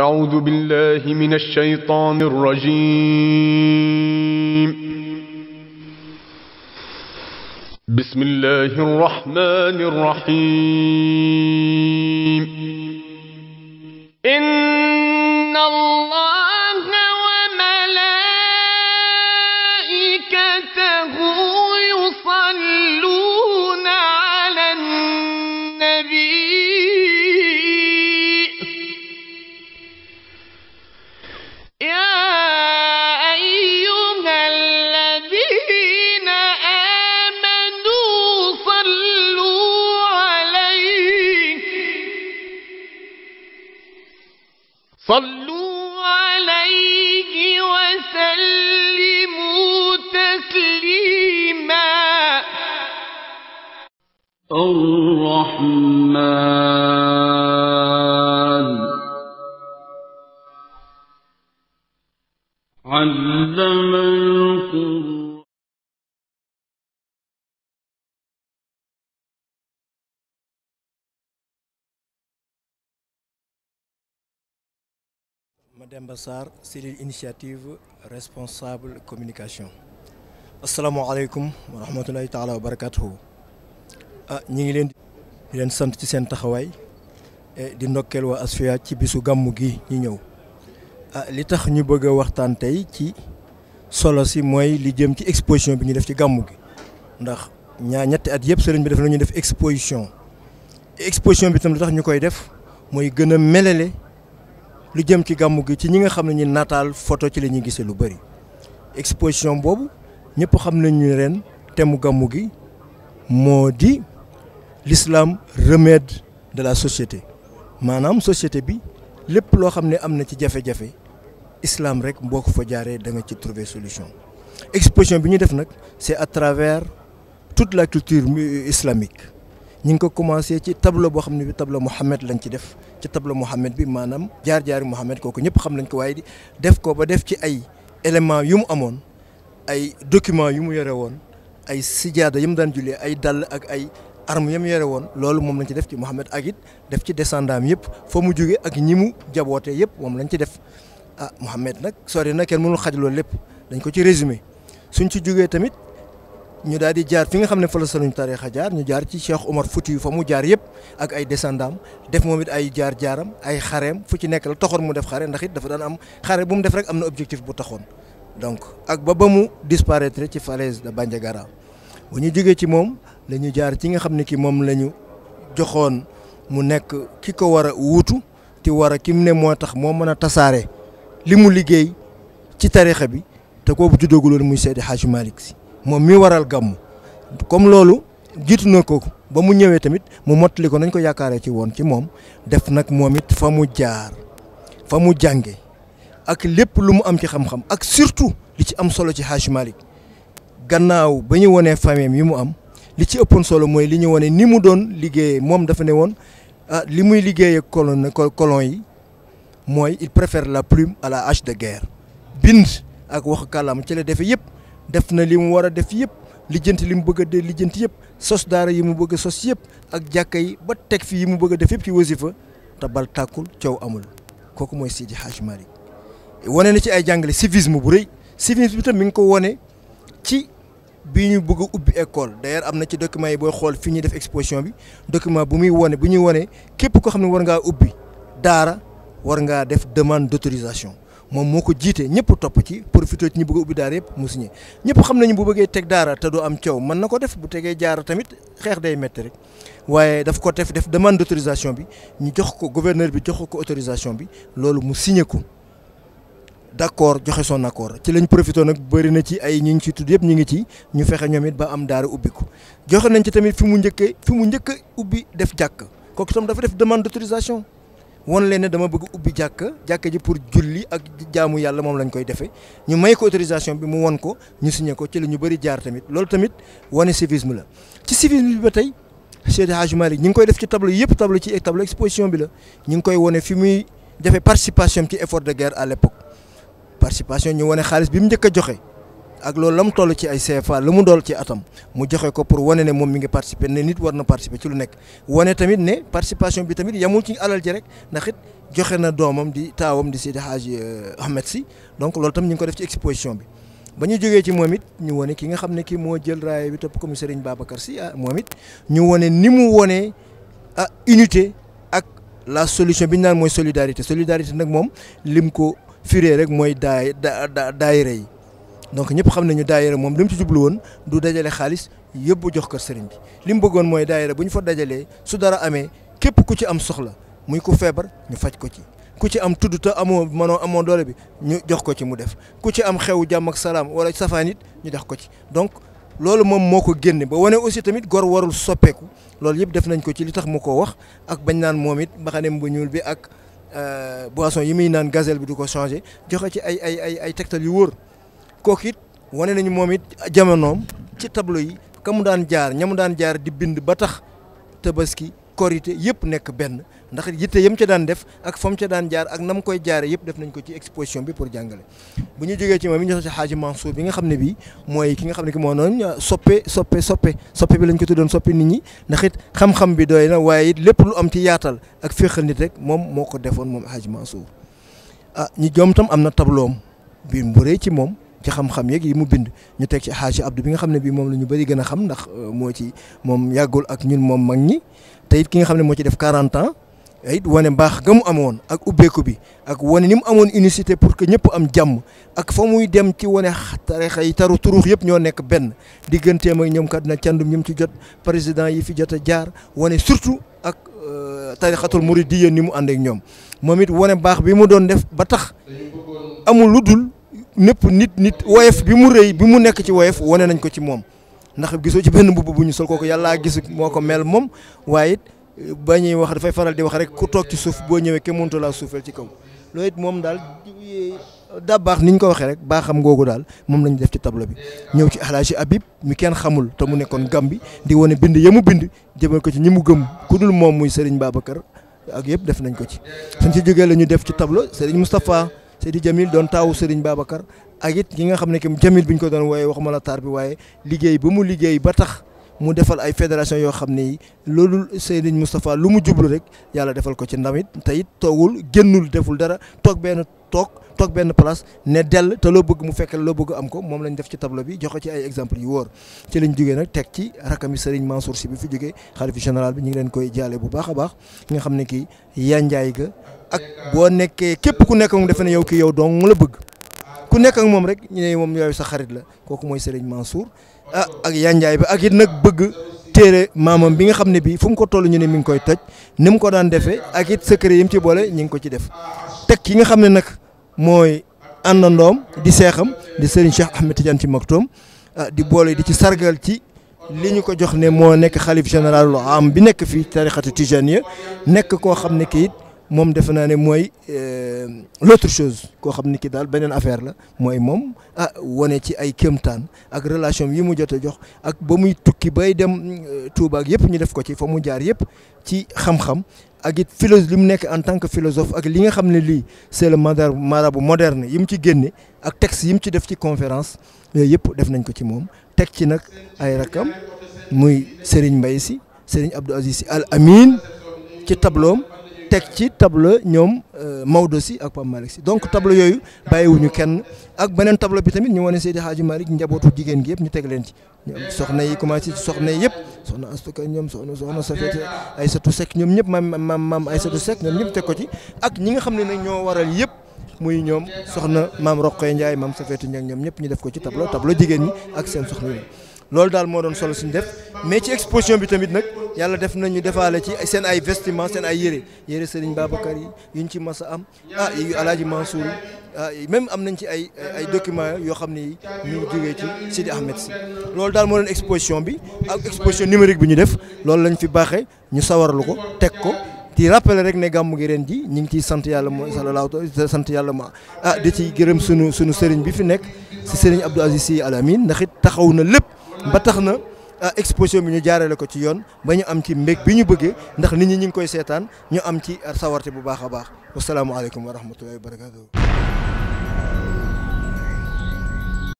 أعوذ بالله من الشيطان الرجيم بسم الله الرحمن الرحيم إن صلوا عليه وسلموا تسليما الرحمن Mademba Sarr cellule initiative responsable communication asalaamaaleykum wa rahmatulahi taala wa barakatuhu ah ñi ngi leen leen sant ci seen taxawaay eh, di ndokkeel waa Asfiya ci bisu gàmmu gi ñu ñëw ah li tax ñu bëgg a waxtaan tey ci solo si mooy li jëm ci exposition bi ñu def ci gàmmu gi ndax ñaa ñetti at yëpp sëriñ bi def na ñu def exposition exposition bi tam li tax ñu koy def mooy gën a lu jëm ci gàmmu gi ci ñi nga xam ne ñu nataal photo ci la ñuy gisee lu bëri exposition boobu ñëpp xam nañu ren temu gàmmu gi moo di lislaam remède de la société maanaam société bi lépp loo xam ne am na ci jafe-jafe islam rek boo ko fa jaaree danga ci trouver solution exposition bi ñu def nag c'est à travers toute la culture euh, islamique ñu ngi ko commencé ci table boo xam ne bi tableau Mouhamed lañ ci def ci tableau Mouhamed bi maanaam jaar-jaari Mouhamed kooku ñëpp xam nañ ko waaye di def ko ba def ci ay éléments yu mu amoon ay documents yu mu yore woon ay sijaada yu mu daan jullee ay dàll ak ay armes yu mu yore woon loolu moom lañ ci def ci Mouhamed ak it def ci descendants yëpp foo mu jógee ak ñi mu jabootee yëpp moom lañ ci def ah Mouhamed nag sori na kenn mënul xaj loolu lépp dañ ko ci résumé suñ ci jógee tamit. ñu daal di jaar fi nga xam ne fa la sëriñ tarixa jaar ñu jaar ci Cheikh Omar Fouti yu fa mu jaar yëpp ak ay descendam def moom it ay jaar jaaram ay xareem fu ci nekk la taxoon mu def xare ndax it dafa daan am xare bu mu def rek am na objectif bu taxoon donc ak ba ba mu disparaître ci falaise de Bandiagara bu ñu jógee ci moom la jaar ci nga xam ne ki moom lañu ñu joxoon mu nekk ki ko war a wuutu ti war a kim ne moo tax moo mën a tasaare li mu liggéey ci tarixa bi te koobu juddoogu loolu muy Seydi Hadji Malick Sy moom mi waral gàmm comme loolu jiitu na ko ba mu ñëwee tamit mu mottali ko nañ ko yaakaaree ci woon ci moom def nag moom it fa mu jaar fa mu jànge ak lépp lu mu am ci xam-xam ak surtout li ci am solo ci Hadj Malick gannaaw ba ñu wonee famille yi mu am li ci ëppoon solo mooy li ñu wone ni mu doon liggéeyee moom dafa ne woon ah li muy liggéeyee colon colon yi mooy il préfère la plume à la hache de guerre bind ak wax kàllaam ci la defee yëpp def na li mu war a def yëpp lijjanti li mu bëgg a de lijjanti yëpp sos daara yi mu bëgg a sos yëpp ak jàkka yi ba teg fi yi mu bëgg a def yëpp ci wasifa te bal tàkkul coow amul kooku mooy Seydi Hadj Malick wane na ci ay jàngale civisme bu rëy civisme bi tam mi ko wone ci bi ñu bëgg ubbi école d'ailleurs am na ci document yi booy xool fi ñuy def exposition bi document bu muy wone bu ñuy wone képp koo xam ne war ngaa ubbi daara war ngaa def demande d'autorisation moom moo ko jiite ñëpp topp ci profité ci ñi bëgg a ubbi daara yëpp mu signé ñëpp xam nañu bu bëggee teg daara te du am coow man na ko def bu tegee jaara tamit xeex day metti rek waaye daf ko def def demande d' bi ñu jox ko gouverneur bi jox ko autorisation bi loolu mu signé ko d' accord joxe son accord ci lañ profité nag bëri na ci ay ñi ngi ciy yëpp ñu ngi ci ñu fexe ñoom it ba am daara ubbi ko joxe nañ ci tamit fi mu njëkkee fi mu njëkk ubbi def jàkk kooku itam dafa def demande d' autorisation. won leen ne dama bëgg ubbi jàkka jàkka ji pour julli ak jaamu yàlla moom lañ koy defee ñu may ko autorisation bi mu won ko ñu signé ko ci la ñu bëri jaar tamit loolu tamit wane civisme la ci civisme bi ba tey Cheikh Hadj ñu ngi koy def ci tableau yëpp tableau ci tableau exposition bi la ñu ngi koy wone fi muy defee participation ci effort de guerre à l'époque participation ñu wone xaalis bi mu njëkk a joxe ak loolu la mu toll ci ay CFA la mu dool ci atam mu joxe ko pour wane ne moom mi ngi participer ne nit war na participer ci lu nekk wane tamit ne participation bi tamit yamul ci alal ji rek ndaxit joxe na doomam di taawam di Seydi Hadji eh, Ahmed si donc loolu tam ñu ngi ko def ci exposition bi. ba ñu jógee ci moom it ñu wane ki nga xam ne kii moo jël raaya bi topp comme Serigne Babacar Sy ah moom it ñu wane ni mu wane ah unité ak la solution bi ñu naan mooy solidarité solidarité nag moom lim ko firee rek mooy daay da daayira yi donc ñëpp xam nañu daayira moom li mu ci jublu woon du dajale xaalis yëpp bu jox kër sëriñ bi li mu bëggoon mooy daayira bu ñu fa dajalee su dara amee képp ku ci am soxla muy ko feebar ñu faj ko ci ku ci am tudd te amoo mënoo amoon doole bi ñu jox ko ci mu def ku ci am xew jàmm ak salaam wala safaan it ñu jox ko ci donc loolu moom moo ko génne ba wane aussi tamit gor warul soppeeku loolu yëpp def nañ ko ci li tax mu ko wax ak bañ naan moom it mbaxaneem bu ñuul bi ak euh, boisson yi muy naan gazelle bi du ko changé joxe ci ay ay ay ay tegtal yu wóor kook it wane nañu moom it jamonoom ci tableau yi ka mu daan jaar ña mu daan jaar di bind ba tax tabaski korité yëpp nekk benn ndax yitte yam ca daan def ak fam ca daan jaar ak nam koy jaaree yëpp def nañ ko ci exposition bi pour jàngale bu ñu jógee ci moom yi ñu soo ci xaaji Mansour bi nga xam ne bii mooy ki nga xam ne ki moo noonu euh, soppe soppe soppe soppe bi lañ ko tuddoon soppi nit ñi ndax it xam-xam bi doy na waaye it lépp lu am ci yaatal ak féexal nit rek moom moo ko defoon moom xaaji Mansour ah ñi joom tam am na tableau bi mu rëy ci moom ci xam-xam yeeg yi mu bind ñu teg ci xaaji Abdou bi nga xam ne bii moom la ñu bëri gën a xam ndax euh, moo ci moom yàggul ak ñun moom mag ñi te it ki nga xam ne moo ci def 40 ans eh, it wane mbaax ga mu amoon ak ubbeeku bi ak wane ni mu amoon unicité pour que ñëpp am jàmm ak fa muy dem ci wane tarixa yi taru turux yëpp ñoo nekk benn digganteem ak ñoom kat na candum ñi mu ci jot président yi fi jot a jaar wane surtout ak euh, tarixatul muridiyya ni mu ànd ak ñoom moom it wane baax bi mu doon def ba tax amul lu dul népp nit nit woyef bi mu rëy bi mu nekk ci woyef wane nañ ko ci moom ndax gisoo ci benn mbubb bu ñu sol kooku yàllaa gis moo ko mel moom waaye ba ñuy wax dafay faral di wax rek ku toog ci suuf boo ñëwee kenn mënut laa suufeel ci kaw loolu it moom daal daa baax ni ñu ko waxee rek baaxam googu daal moom lañu def ci tablo bi ñëw ci alaaji Habib mu kenn xamul te mu nekkoon Gàmbi di wone bind ya mu bind jëmal ko ci ñi mu gëm ku dul moom muy Serigne Babacar ak yëpp def nañ ko ci ñu def ci tableau Serigne Moustapha Seydi Jamil doon taawu Serigne Babacar ak it ki nga xam ne que Jamil bi ñu ko doon wooyee waxuma la taar bi waaye liggéey ba mu liggéey ba tax mu defal ay fédération yoo xam ne loolu Serigne Moustapha lu mu jublu rek yàlla defal ko ci ndam tey te it toogul génnul deful dara toog benn toog toog benn place ne dell te loo bëgg mu fekk loo bëgg am ko moom lañ def ci tableau bi joxe ci ay exemples yu wóor ci lañ jógee nag teg ci rakami Serigne Mansour si bi fi jógee xalifa bi ñu ngi leen koy jaale bu baax a baax nga xam ne kii yanjaay ga ak boo nekkee képp ku nekk moom defe ne yow kii yow dong la bëgg ku nekk ak moom rek ñu ne moom yooyu sa xarit la kooku mooy Serigne Mansour ah, ak yanjaay bi ak yit nag bëgg téere maamam bi nga xam ne bii fu mu ko toll ñu ne mi ngi koy toj ni mu ko daan defee ak it secret yi mu ci boole ñu ngi ko ci def teg ki nga xam ne nag mooy àndandoom di seexam di Serigne Cheikh Ahmed Tidiane ci Maktoum ah, di boole di ci sargal ci li ñu ko jox ne moo nekk xalif général am bi nekk fii tarixatu Tijaniya nekk koo xam ne kii it moom defe naa ne mooy euh, l'autre chose koo xam ni ki daal beneen affaire la mooy moom ah wane ci ay kéemtaan ak relation yi mu jot jox ak ba muy tukki bay dem euh, Touba ak yëpp ñu def ko ci fa mu jaar yëpp ci xam-xam ak it philosophe li mu nekk en tant que philosophe ak li nga xam ne lii c'est le marabout moderne yi mu ci génne ak texte yi mu ci def ci conférence yooyu yëpp def nañ ko ci moom teg ci nag ay rakam muy Serigne mbay si Serigne Abdou Aziz Sy Al Amin ci tabloom teg ci tableau ñoom euh, Maodo si ak Pape Malick si donc tableau yooyu bàyyiwuñu kenn ak beneen tableau bi tamit ñu wane Seydi Hadji Malick njabootu jigéen gi yëpp ñu teg leen ci soxna yi commencé soxna yi yëpp soxna Astuka ñoom soxna soxna ay Aïssatou Seck ñoom ñëpp maam maam maam Aïssatou Seck ñoom ñëpp teg ko ci ak ñi nga xam ne nag ñoo waral yëpp muy ñoom soxna maam Roqoy njaay maam Safetu Ndiaye ñoom ñëpp ñu def ko ci tableau tableau jigéen ñi ak seen soxna yi loolu daal moo doon solo suñu def mais ci exposition bi tamit nag yàlla def nañu defaale ci seen ay vêtements seen ay yére yére Serigne Babacar yi ñu ci mas a am ah yu Alaaji Mansour ah même am nañ ci ay ay documents yoo xam ni ñu jógee ci Sidi Ahmed si loolu daal moo doon exposition bi ak exposition numérique bi ñu def loolu lañ fi baaxee ñu sawaralu ko teg ko di rappeler rek ne gàmmu gi ren ji ñu ngi ciy sant yàlla mooy sallallahu sant yàlla ma ah di ci gërëm sunu sunu sëriñ bi fi nekk si sëriñ Abdou Aziz Sy Al Amine taxaw na lépp. ba tax na ah, exposition bi ñu jaarale ko ci yoon ba ñu am ci mbég bi ñu bëggee ndax nit ñi ñu ngi koy seetaan ñu am ci sawarte bu baax a baax wasalaamualeykum wa rahmatullahi wa barakatuh